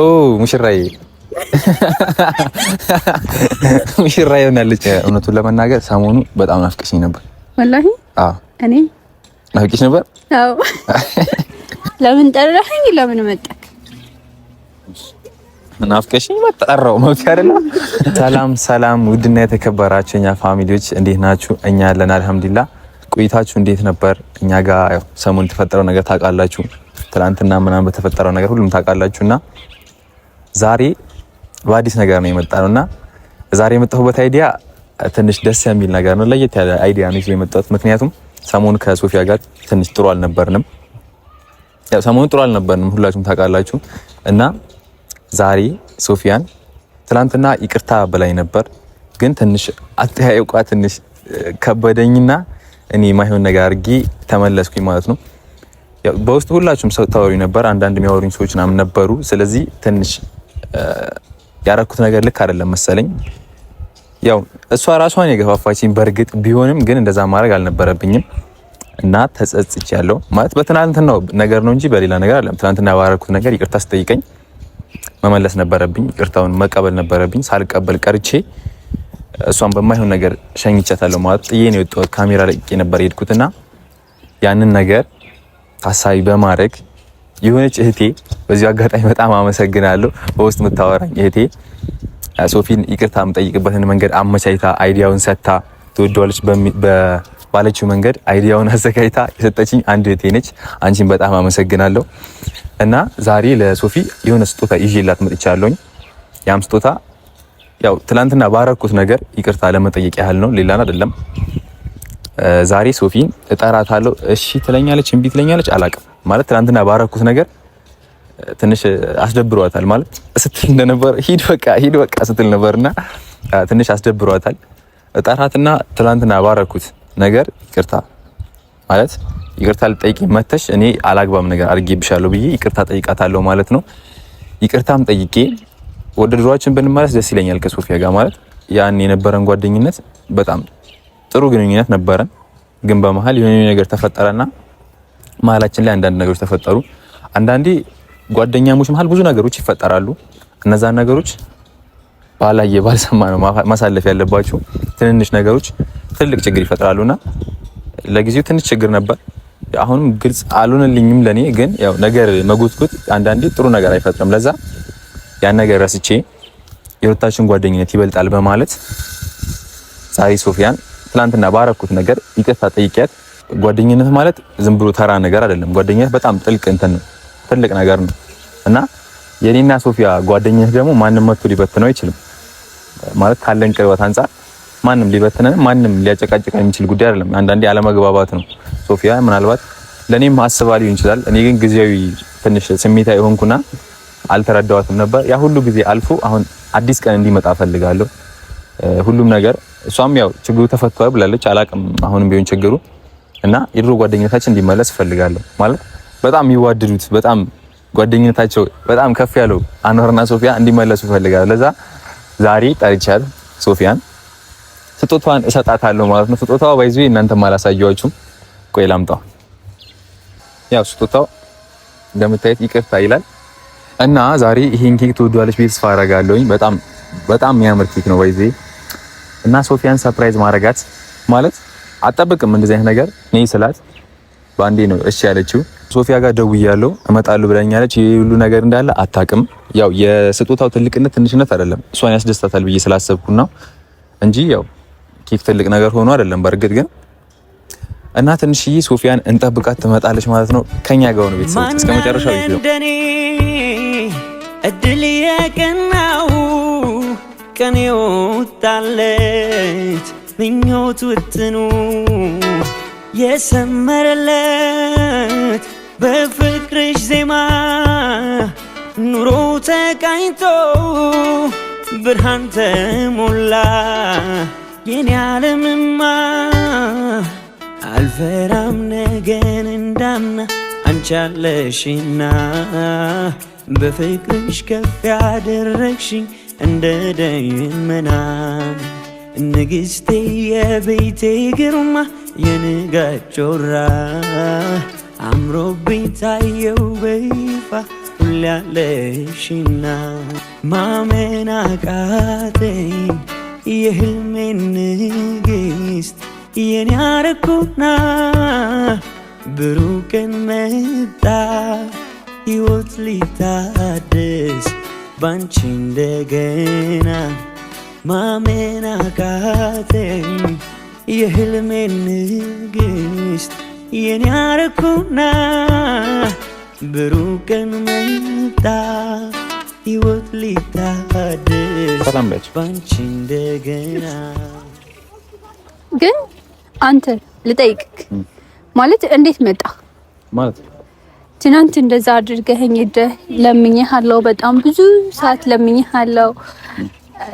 ኦ ሙሽራዬ ሙሽራዬ ሆናለች። እውነቱን ለመናገር ሰሞኑ በጣም ናፍቀሽኝ ነበር። ወላሂ? እኔ ናፍቀሽ ነበር? አዎ። ለምን ጠራኸኝ? ለምን መጣህ? ናፍቀሽኝ መጣራው መብት አይደለም። ሰላም ሰላም! ውድና የተከበራችሁ እኛ ፋሚሊዎች እንዴት ናችሁ? እኛ ያለን አልሐምዱሊላ። ቆይታችሁ እንዴት ነበር? እኛ ጋር ሰሞኑ የተፈጠረው ነገር ታውቃላችሁ። ትናንትና ምናምን በተፈጠረው ነገር ሁሉም ታውቃላችሁና ዛሬ በአዲስ ነገር ነው የመጣ ነው እና ዛሬ የመጣሁበት አይዲያ ትንሽ ደስ የሚል ነገር ነው። ለየት ያለ አይዲያ ነው ይዤ የመጣሁት። ምክንያቱም ሰሞኑ ከሶፊያ ጋር ትንሽ ጥሩ አልነበርንም። ሰሞኑ ጥሩ አልነበርንም፣ ሁላችሁም ታውቃላችሁ። እና ዛሬ ሶፊያን ትላንትና ይቅርታ በላይ ነበር፣ ግን ትንሽ አጠያየቋ ትንሽ ከበደኝና እኔ ማይሆን ነገር አድርጌ ተመለስኩኝ ማለት ነው። በውስጥ ሁላችሁም ሰው ታወሪ ነበር፣ አንዳንድ የሚያወሩኝ ሰዎች ምናምን ነበሩ። ስለዚህ ትንሽ ያረኩት ነገር ልክ አይደለም መሰለኝ። ያው እሷ ራሷን የገፋፋችኝ በእርግጥ ቢሆንም ግን እንደዛ ማድረግ አልነበረብኝም እና ያለው ማለት በትናንትናው ነገር ነው እንጂ በሌላ ነገር አይደለም። ትናንትና ባረኩት ነገር ይቅርታ ስጠይቀኝ መመለስ ነበረብኝ። ይቅርታውን መቀበል ነበረብኝ። ሳልቀበል ቀርቼ እሷን በማይሆን ነገር ሸኝቻታለሁ። ማለት ጥዬ ነው የወጣሁት። ካሜራ ለቅቄ ነበር የሄድኩትና ያንን ነገር ታሳቢ በማድረግ የሆነች እህቴ በዚሁ አጋጣሚ በጣም አመሰግናለሁ። በውስጥ የምታወራኝ እህቴ ሶፊን ይቅርታ የምጠይቅበትን መንገድ አመቻይታ አይዲያውን ሰጥታ ትወደዋለች ባለችው መንገድ አይዲያውን አዘጋጅታ የሰጠችኝ አንድ እህቴ ነች። አንቺን በጣም አመሰግናለሁ እና ዛሬ ለሶፊ የሆነ ስጦታ ይዤላት መጥቻለሁኝ። ያም ስጦታ ያው ትላንትና ባረኩት ነገር ይቅርታ ለመጠየቅ ያህል ነው፣ ሌላን አይደለም። ዛሬ ሶፊን እጠራታለሁ። እሺ ትለኛለች፣ እምቢ ትለኛለች፣ አላቅም ማለት ትናንትና ባረኩት ነገር ትንሽ አስደብሯታል ማለት ስትል እንደነበር ሂድ በቃ ሂድ በቃ ስትል ነበርና ትንሽ አስደብሯታል። እጠራትና ትናንትና ባረኩት ነገር ይቅርታ ማለት ይቅርታ ልጠይቅ መተሽ እኔ አላግባም ነገር አድርጌብሻለሁ ብዬ ይቅርታ ጠይቃታለሁ ማለት ነው። ይቅርታም ጠይቄ ወደ ድሯችን ብንመለስ ደስ ይለኛል ከሶፊያ ጋር ማለት ያን የነበረን ጓደኝነት በጣም ጥሩ ግንኙነት ነበረን፣ ግን በመሀል የሆነ ነገር ተፈጠረና መሀላችን ላይ አንዳንድ ነገሮች ተፈጠሩ። አንዳንዴ ጓደኛሞች መሀል ብዙ ነገሮች ይፈጠራሉ። እነዛን ነገሮች ባላየ ባልሰማ ነው ማሳለፍ ያለባቸው። ትንንሽ ነገሮች ትልቅ ችግር ይፈጥራሉና ለጊዜው ትንሽ ችግር ነበር። አሁንም ግልጽ አልሆነልኝም ለኔ። ግን ያው ነገር መጎትጎት አንዳንዴ ጥሩ ነገር አይፈጥርም። ለዛ ያን ነገር ረስቼ የሁለታችን ጓደኝነት ይበልጣል በማለት ዛሬ ሶፊያን ትላንትና ባረኩት ነገር ይቅርታ ጠይቂያት። ጓደኝነት ማለት ዝም ብሎ ተራ ነገር አይደለም። ጓደኝነት በጣም ጥልቅ እንትን ነው፣ ትልቅ ነገር ነው እና የኔና ሶፊያ ጓደኝነት ደግሞ ማንም መጥቶ ሊበትነው አይችልም። ማለት ካለን ቅርበት አንጻር ማንም ሊበትነን ማንም ሊያጨቃጭቀን የሚችል ጉዳይ አይደለም። አንዳንዴ አለመግባባት ነው። ሶፊያ ምናልባት ለእኔም አስባ ሊሆን ይችላል። እኔ ግን ጊዜያዊ ትንሽ ስሜታ ሆንኩና አልተረዳዋትም ነበር። ያ ሁሉ ጊዜ አልፎ አሁን አዲስ ቀን እንዲመጣ ፈልጋለሁ። ሁሉም ነገር እሷም ያው ችግሩ ተፈቷል ብላለች። አላቅም አሁንም ቢሆን ችግሩ እና የድሮ ጓደኝነታችን እንዲመለስ እፈልጋለሁ። ማለት በጣም የሚዋደዱት በጣም ጓደኝነታቸው በጣም ከፍ ያለው አንዋርና ሶፊያ እንዲመለሱ እፈልጋለሁ። ለዛ ዛሬ ጠርቻት ሶፊያን ስጦታዋን እሰጣታለሁ ማለት ነው። ስጦታዋ ባይዙ እናንተ አላሳየኋችሁም። ቆይ ላምጣው። ያው ስጦታው እንደምታየት ይቅርታ ይላል እና ዛሬ ይሄን ኬክ ትወዷለች ቤት ተስፋ አደርጋለሁኝ። በጣም በጣም የሚያምር ኬክ ነው ባይዜ እና ሶፊያን ሰርፕራይዝ ማድረጋት ማለት አጠብቅም እንደዚህ አይነት ነገር ነይ ስላት በአንዴ ነው እሺ ያለችው። ሶፊያ ጋር ደውያለሁ እመጣለሁ ብለኛለች። ይሄ ሁሉ ነገር እንዳለ አታቅም። ያው የስጦታው ትልቅነት ትንሽነት አይደለም እሷን ያስደስታታል ብዬ ስላሰብኩና እንጂ ያው ኬክ ትልቅ ነገር ሆኖ አይደለም። በእርግጥ ግን እና ትንሽዬ ሶፊያን እንጠብቃት ትመጣለች ማለት ነው። ከኛ ጋር ነው ቤተሰቦች እስከ መጨረሻው ይችላል። ቀን የወጣለች ምኞት ውጥኑ የሰመረለት በፍቅርሽ ዜማ ኑሮ ተቃኝቶ ብርሃን ተሞላ የኔ ዓለምማ አልፈራም ነገን እንዳምና አንቻለሽና በፍቅርሽ ከፍ ያደረግሽኝ እንደ ደመና ንግሥቴ የቤቴ ግርማ የንጋት ጮራ አምሮብኝ ታየው በይፋ ሁሌ ማመን አቃተኝ የሕልሜን ንግሥት የኔ አረኩና መጣ ሕይወት ሊታደስ ባንቺ እንደገና ማመን አቃተኝ። የህልሜ ንግሥት የኔ አረኩና ብሩህ መጣ ሕይወት ሊታደስ ባንቺ እንደገና። ግን አንተ ልጠይቅክ ማለት እንዴት መጣ ማለት ትናንት እንደዛ አድርገህኝ ሄደህ ለምኜህ አለው። በጣም ብዙ ሰዓት ለምኜህ አለው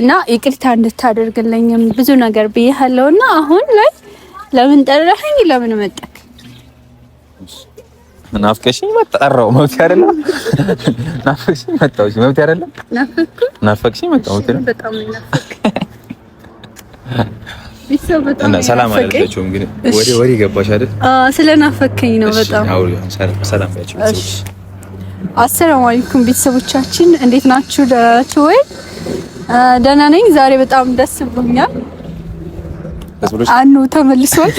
እና ይቅርታ እንድታደርግልኝም ብዙ ነገር ብዬህ አለው እና አሁን ላይ ለምን ጠራኸኝ? ለምን መጣክ? ናፍቀሽኝ መጣራው መብት አይደለም። ናፍቀሽኝ መጣው መብት አይደለም። ናፍቀሽኝ መጣው በጣም ናፍቀ ሰላም አላለችውም፣ ግን ወሬ ወሬ ገባሽ አይደል? ስለናፈከኝ ነው በጣም። ሰላም አሰላሙ አለይኩም ቤተሰቦቻችን፣ እንዴት ናችሁ? ደህና ናችሁ ወይ? ደህና ነኝ። ዛሬ በጣም ደስ ብሎኛል። አኑ ተመልሷል፣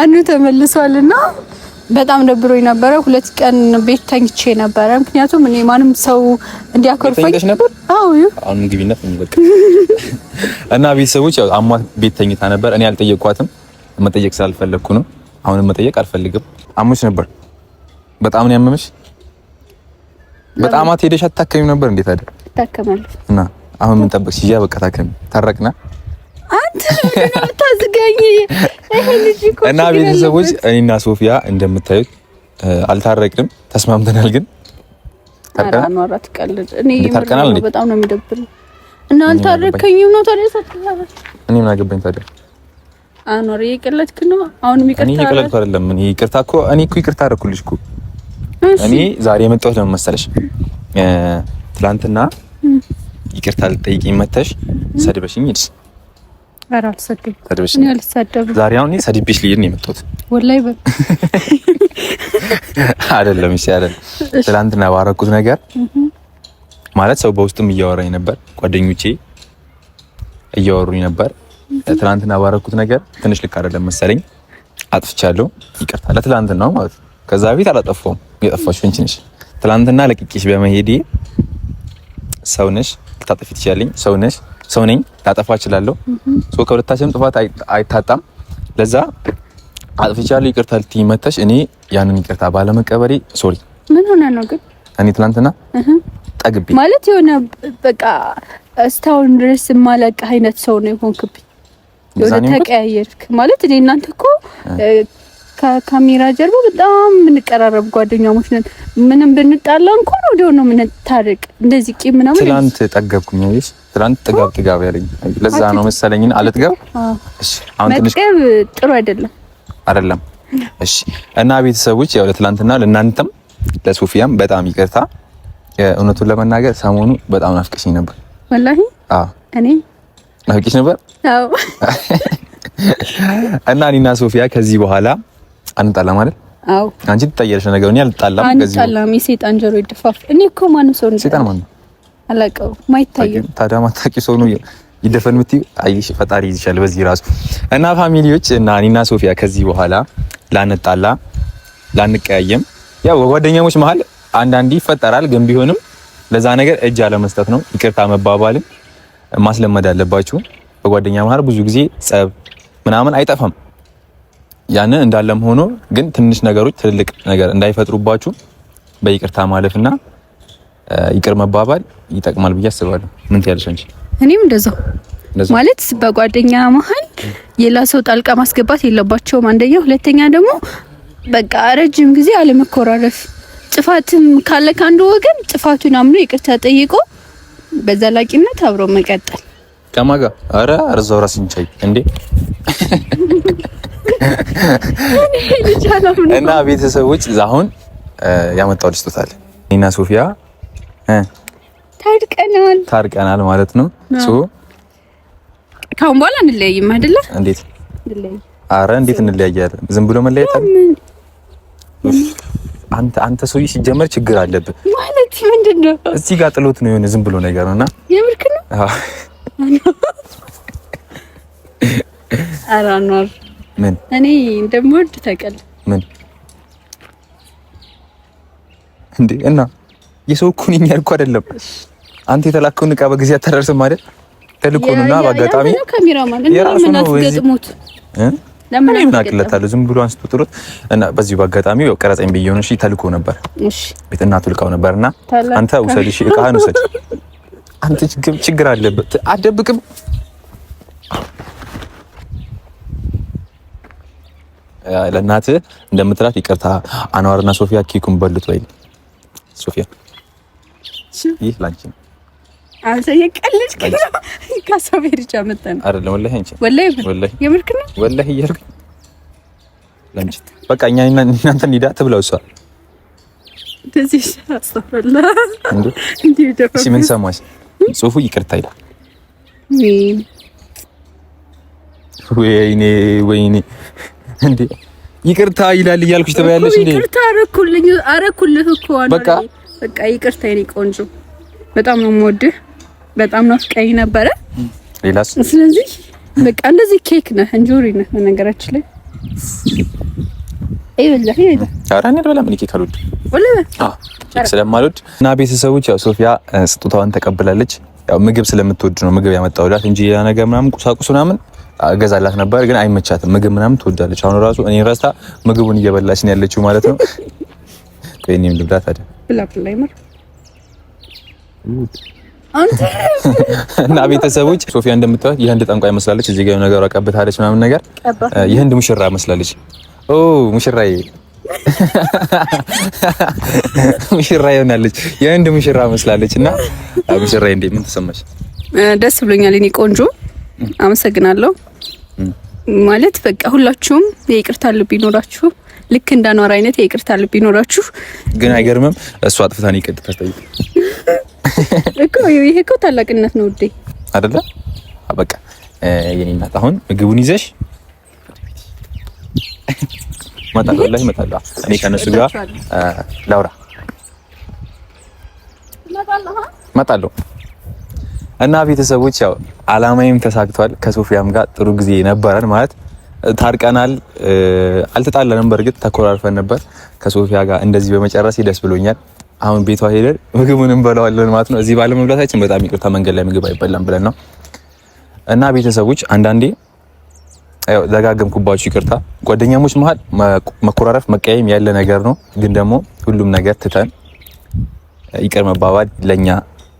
አኑ ተመልሷልና በጣም ደብሮ ነበረ። ሁለት ቀን ቤት ተኝቼ ነበረ። ምክንያቱም እኔ ማንም ሰው እንዲያኮርፈኝ ነበር። አዎ አሁን ምግብነት እና ቤተሰቦች ያው አሟት ቤት ተኝታ ነበር። እኔ አልጠየቅኳትም። መጠየቅ ስላልፈለግኩ ነው። አሁንም መጠየቅ አልፈልግም። አሞች ነበር። በጣም ነው ያመመሽ። በጣም አትሄደሽ አትታከሚም ነበር እንዴት አይደል? ታከማለሁ እና አሁን ምን ጠበቅሽ? ይያ በቃ ታከሚ ታረቅና እና ቤተሰቦች እኔና ሶፊያ እንደምታዩት አልታረቅንም፣ ተስማምተናል። ግን ታርቀናል። በጣም ነው የሚደብር እና አልታረከኝም ነው ታዲያ። እኔ ምን አገባኝ ታዲያ? አኖር እየቀለድክ ነው። አሁን ይቅርታ እኔ እየቀለድኩ አይደለም። እኔ ይቅርታ እኮ እኔ እኮ ይቅርታ አደረኩልሽ እኮ። እኔ ዛሬ የመጣሁት ለምን መሰለሽ? ትላንትና ይቅርታ ልጠይቅኝ መተሽ ሰድበሽኝ ይልስ ዛሬ አሁን ሰድቤሽ ልሄድ ነው የመጣሁት። ወላሂ በል አይደለም። እሺ አይደል? ትናንትና ባረኩት ነገር ማለት ሰው በውስጥም እያወራኝ ነበር፣ ጓደኞቼ እያወሩኝ ነበር። ትናንትና ባረኩት ነገር ትንሽ ልክ አይደለም መሰለኝ፣ አጥፍቻለሁ። ይቅርታ ለትናንትና ነው ማለት ነው። ከዛ ቤት አላጠፋሁም። የጠፋሽ አንቺ ነሽ። ትላንትና ለቅቄሽ በመሄዴ ሰው ነሽ፣ ልታጠፊ ትችያለሽ። ሰው ነሽ ሰው ነኝ፣ ላጠፋ እችላለሁ። ሶ ከሁለታችንም ጥፋት አይታጣም። ለዛ አጥፍቻለሁ ይቅርታ ልትይ መተሽ እኔ ያንን ይቅርታ ባለመቀበሬ ሶሪ። ምን ሆነ ነው ግን እኔ ትናንትና ጠግቤ ማለት የሆነ በቃ እስካሁን ድረስ የማላውቅህ አይነት ሰው ነው የሆንክብኝ። የሆነ ተቀያየርክ ማለት እኔ እናንተ እኮ ከካሜራ ጀርባ በጣም የምንቀራረብ ጓደኛሞች ነን። ምንም ብንጣላ እንኳን ወዲያው ነው የምንታረቅ። እንደዚህ ቂም ምናምን ትላንት ጠገብኩኝ። እሺ ትላንት ጥጋብ ጥጋብ ያለኝ ለዛ ነው መሰለኝ። አልጥገብ። እሺ አሁን መጥገብ ጥሩ አይደለም አይደለም። እሺ እና ቤተሰቦች ያው ለትላንትና ለእናንተም ለሶፊያም በጣም ይቅርታ። እውነቱን ለመናገር ሰሞኑ በጣም ናፍቀሽኝ ነበር። ወላሂ አዎ እኔ ናፍቀሽ ነበር። አዎ እና እኔና ሶፊያ ከዚህ በኋላ አንጣላም አይደል? አዎ። አንቺ ትታያለሽ ነገር እኔ አልጣላም። ከዚህ አንጣላም። የሰይጣን ጆሮ ይደፋፍ። እኔ እኮ ማን ሰው ነው ሰይጣን ማን ነው አላውቀው። ማይታየው ታዲያ ማታውቂው ሰው ነው ይደፈን ምትይ አይሽ ፈጣሪ ይዝሻል በዚህ ራሱ እና ፋሚሊዎች እና እኔና ሶፊያ ከዚህ በኋላ ላንጣላ ላንቀያየም። ያው ጓደኛሞች መሀል አንዳንዴ ይፈጠራል፣ ግን ቢሆንም ለዛ ነገር እጅ አለመስጠት ነው። ይቅርታ መባባልን ማስለመድ አለባችሁ። በጓደኛ መሀል ብዙ ጊዜ ጸብ ምናምን አይጠፋም። ያንን እንዳለም ሆኖ ግን ትንሽ ነገሮች ትልልቅ ነገር እንዳይፈጥሩባችሁ በይቅርታ ማለፍና ይቅር መባባል ይጠቅማል ብዬ አስባለሁ። ምን ትያለሽ አንቺ? እኔም እንደዛው ማለት በጓደኛ መሀል ሌላ ሰው ጣልቃ ማስገባት የለባቸውም። አንደኛ፣ ሁለተኛ ደግሞ በቃ ረጅም ጊዜ አለመኮራረፍ፣ ጥፋትም ካለ ከአንዱ ወገን ጥፋቱን አምኖ ይቅርታ ጠይቆ በዘላቂነት አብሮ መቀጠል ከማጋ አረ ርዛው ራስን እንዴ እና ቤተሰቦች አሁን ያመጣው ልስጦታል እና ሶፊያ ታርቀናል ታርቀናል ማለት ነው። ሶ ካሁን በኋላ እንለያይም አይደለ? እንዴት አረ እንዴት እንለያያለን? ዝም ብሎ መለያየት አንተ አንተ ሰውዬ ሲጀመር ችግር አለብህ ማለት ምንድን ነው? እዚህ ጋር ጥሎት ነው የሆነ ዝም ብሎ ነገር ነውና የምርክ ነው። አዎ አራኗር ምን እኔ እንደምወድ ተቀል ምን እንዴ? እና የሰው እኮ ነኝ አይደለም። አንተ የተላከውን እቃ በጊዜ አታደርስም አይደል? ተልኮንና በአጋጣሚ የራሱ ነው ዝም ብሎ አንስቶ እና በአጋጣሚ ያው እሺ፣ ተልኮ ነበር። እሺ፣ ቤት እናቱ አንተ ውሰድ፣ እሺ፣ እቃህን ውሰድ። አንተ ችግር ለእናት እንደምትላት ይቅርታ አንዋርና ሶፊያ ኬኩን በሉት ወይ ሶፊያ ይህ ላንቺ ነው አንተ የቀልጅ ከለው ካሳብ ሄድቻ መጣን አይደለም ወላሂ አንቺ ወላሂ ወላሂ የምርክ ነው ወላሂ እያልኩኝ ለአንቺ በቃ እኛ እናንተ እንሂዳ ትብለው እሷ እንደዚህ እንዴ ሰማሽ ጽሁፉ ይቅርታ ይላል ወይኔ ወይኔ እንዴ ይቅርታ ይላል እያልኩሽ ተበያለሽ እንዴ? ይቅርታ አረኩልኝ አረኩልህ እኮ አለ። በቃ በቃ ይቅርታ የኔ ቆንጆ፣ በጣም ነው የምወድህ። በጣም ናፍቀኸኝ ነበረ። ሌላስ? ስለዚህ በቃ እንደዚህ ኬክ ነህ፣ እንጆሪ ነህ። በነገራችን ላይ ይበላል ይበላል። ኧረ እኔ አልበላም፣ እኔ ኬክ አልወድም። አዎ ኬክ ስለማልወድ እና ቤተሰቦች፣ ያው ሶፊያ ስጦታዋን ተቀብላለች። ያው ምግብ ስለምትወድ ነው ምግብ ያመጣውላት እንጂ ያ ነገር ምናምን ቁሳቁስ ምናምን እገዛላት ነበር ግን አይመቻትም። ምግብ ምናምን ትወዳለች። አሁን ራሱ እኔ ረስታ ምግቡን እየበላች ነው ያለችው ማለት ነው። እኔም ልብላ ታዲያ እና ቤተሰቦች ሶፊያ እንደምታዩት የህንድ ጠንቋይ መስላለች። እዚህ ጋር ነገር አቀብታለች ምናምን ነገር የህንድ ሙሽራ መስላለች። ኦ ሙሽራዬ ሙሽራ ይሆናለች። የህንድ ሙሽራ መስላለች። እና ሙሽራዬ እንዴ ምን ተሰማሽ? ደስ ብሎኛል እኔ ቆንጆ አመሰግናለሁ። ማለት በቃ ሁላችሁም የይቅርታ ልብ ይኖራችሁ። ልክ እንደ አኗር አይነት የይቅርታ ልብ ይኖራችሁ። ግን አይገርምም? እሱ አጥፍታን ይቅርታ ጠይቅ እኮ ይሄ እኮ ታላቅነት ነው ውዴ አደለ? በቃ የኔ እናት አሁን ምግቡን ይዘሽ እመጣለሁ፣ ወላሂ እመጣለሁ። እኔ ከነሱ ጋር ላውራ እመጣለሁ እና ቤተሰቦች ያው አላማዬም ተሳክቷል። ከሶፊያም ጋር ጥሩ ጊዜ ነበረን ማለት ታርቀናል። አልተጣለንም፣ በእርግጥ ተኮራርፈን ነበር። ከሶፊያ ጋር እንደዚህ በመጨረስ ደስ ብሎኛል። አሁን ቤቷ ሄደን ምግቡን እንበላዋለን ማለት ነው። እዚህ ባለመብላታችን በጣም ይቅርታ፣ መንገድ ላይ ምግብ አይበላም ብለን ነው እና ቤተሰቦች አንዳንዴ ያው ደጋገምኩባችሁ፣ ይቅርታ። ጓደኛሞች መሀል መኮራረፍ፣ መቀየም ያለ ነገር ነው። ግን ደግሞ ሁሉም ነገር ትተን ይቅር መባባል ለኛ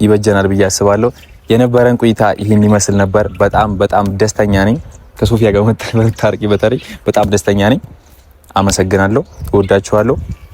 ይበጀናል ብዬ አስባለሁ። የነበረን ቆይታ ይህን ይመስል ነበር። በጣም በጣም ደስተኛ ነኝ። ከሶፊያ ጋር መታረቂ በተለይ በጣም ደስተኛ ነኝ። አመሰግናለሁ። እወዳችኋለሁ።